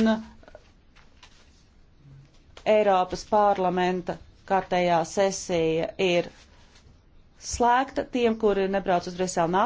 un Eiropas parlamenta kārtējā sesija ir slēgta tiem, kuri nebrauc uz Briselu nākamā.